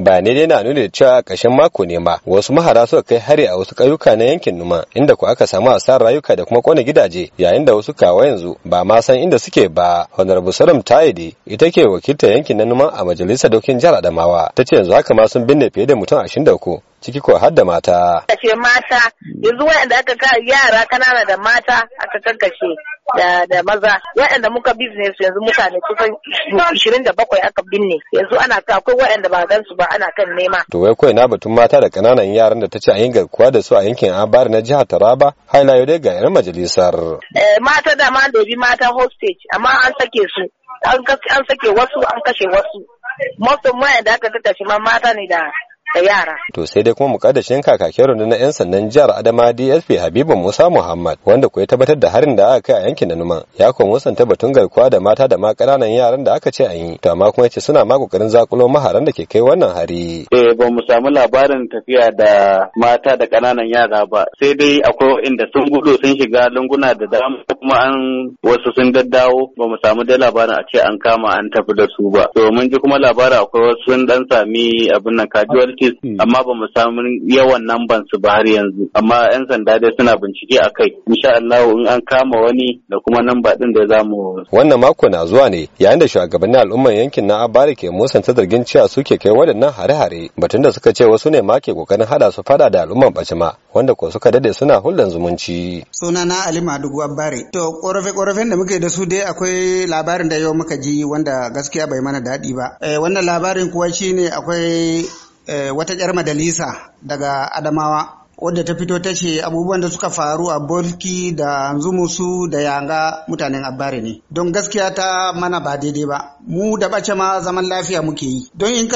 ne dai na nuna da cewa a ƙarshen mako ne ba, wasu mahara suka kai hari a wasu ƙauyuka na yankin numa inda ku aka samu asarar rayuka da kuma kwana gidaje yayin da wasu kawo yanzu ba ma san inda suke ba honorable salam taide ita ke wakilta yankin na numa a majalisar dokin jihar adamawa ta ce yanzu haka ma sun binne fiye da mutum ashirin da uku ciki ko har da mata. Kashe mata, yanzu waɗanda aka ka yara kanana da mata aka kankashe da, da maza, waɗanda muka business yanzu mutane kusan ishirin da bakwai aka binne, yanzu ana ka akwai waɗanda ba gan su ba ana kan nema. To wai kawai na batun mata da kananan yaran da ta ce a yin garkuwa da su a yankin Abar na jihar Taraba, ila yau dai ga 'yan majalisar. Eh, mata da ma dobi mata hostage, amma an sake su, an sake wasu an kashe wasu. Most of da aka kashe ma mata ne da da yara. To sai dai kuma mukaddashin kakakin na 'yan sandan jihar Adama DSP Habibu Musa Muhammad wanda kuwa tabbatar da harin da aka kai a yankin nanuma. ya kuma musanta batun garkuwa da mata da ma ƙananan yaran da aka ce an yi to amma kuma yace suna ma kokarin zakulo maharan da ke kai wannan hari. Eh ba mu samu labarin tafiya da mata da ƙananan yara ba sai dai akwai inda sun gudu sun shiga lunguna da dama kuma an wasu sun daddawo ba mu samu dai labarin a ce an kama an tafi da su ba. To mun ji kuma labarin akwai wasu sun dan sami abin nan kajuwar Hmm. amma ba mu samu yawan namban su ba har yanzu amma yan sanda dai suna bincike a kai insha Allah in an kama wani da kuma namba din da zamu wannan mako na zuwa ne yayin da shugabannin al'umman yankin na Abare ke musanta zargin cewa suke kai waɗannan hare-hare batun da suka ce wasu ne ma ke kokarin hada su fada da al'umman Bacima wanda ko suka dade suna hulɗan zumunci sunana Ali Madugu Abare to korafe korafen da muke da su dai akwai labarin da yau muka ji wanda gaskiya bai mana daɗi ba eh, wannan labarin kuwa shine akwai Eh, wata 'yar majalisa daga Adamawa wadda ta fito ta ce abubuwan da suka faru a bolki da Zumusu da Yanga mutanen abari ne. Don gaskiya ta mana ba daidai ba. mu da bace ma zaman lafiya muke yi don in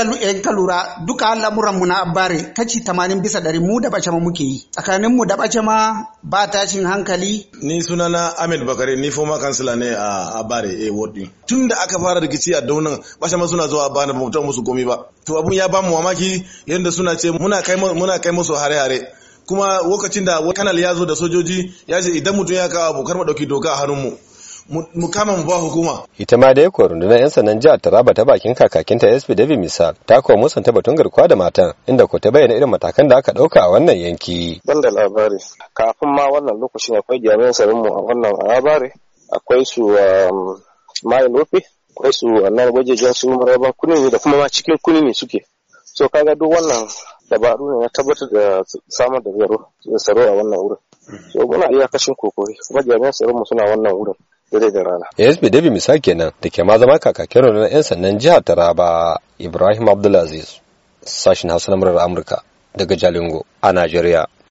ka lura duka lamuran mu na abare kaci tamanin bisa dari mu da bace ma muke yi tsakanin mu da bace ma ba tashin hankali ni sunana Ahmed Bakare ni former kansila ne a abare a eh, ward tun da aka fara rikici a daunan bace ma suna zuwa abbare ba mutum musu komi ba to abun ya ba mu mamaki yanda suna ce muna kai muna kai musu hare-hare kuma lokacin da kanal ya zo da sojoji ya ce idan mutum ya kawo abu kar mu ɗauki doka a hannun mu. mu kama mu ba hukuma ita ma da ko rundunar yan sannan jihar Taraba ta bakin kakakinta SP David Misal ta kuwa ta batun garkuwa da matan inda ko ta bayyana irin matakan da aka ɗauka a wannan yanki ban da labari kafin ma wannan lokacin akwai jami'an tsaron mu a wannan labari akwai su um, mai lofi akwai su nan gwajejen su maraba kunini da kuma ma cikin kunini suke so kaga duk wannan dabaru ne na tabbatar da samar da tsaro a wannan wurin so muna iya kashin kokori kuma jami'an tsaron mu suna wannan wurin dare da rana. ASP eh, Dabi Misa kenan da ke ma zama kakakin rundunar 'yan sannan jihar Taraba Ibrahim Abdulaziz sashin Hausa murar Amurka daga Jalingo a Najeriya.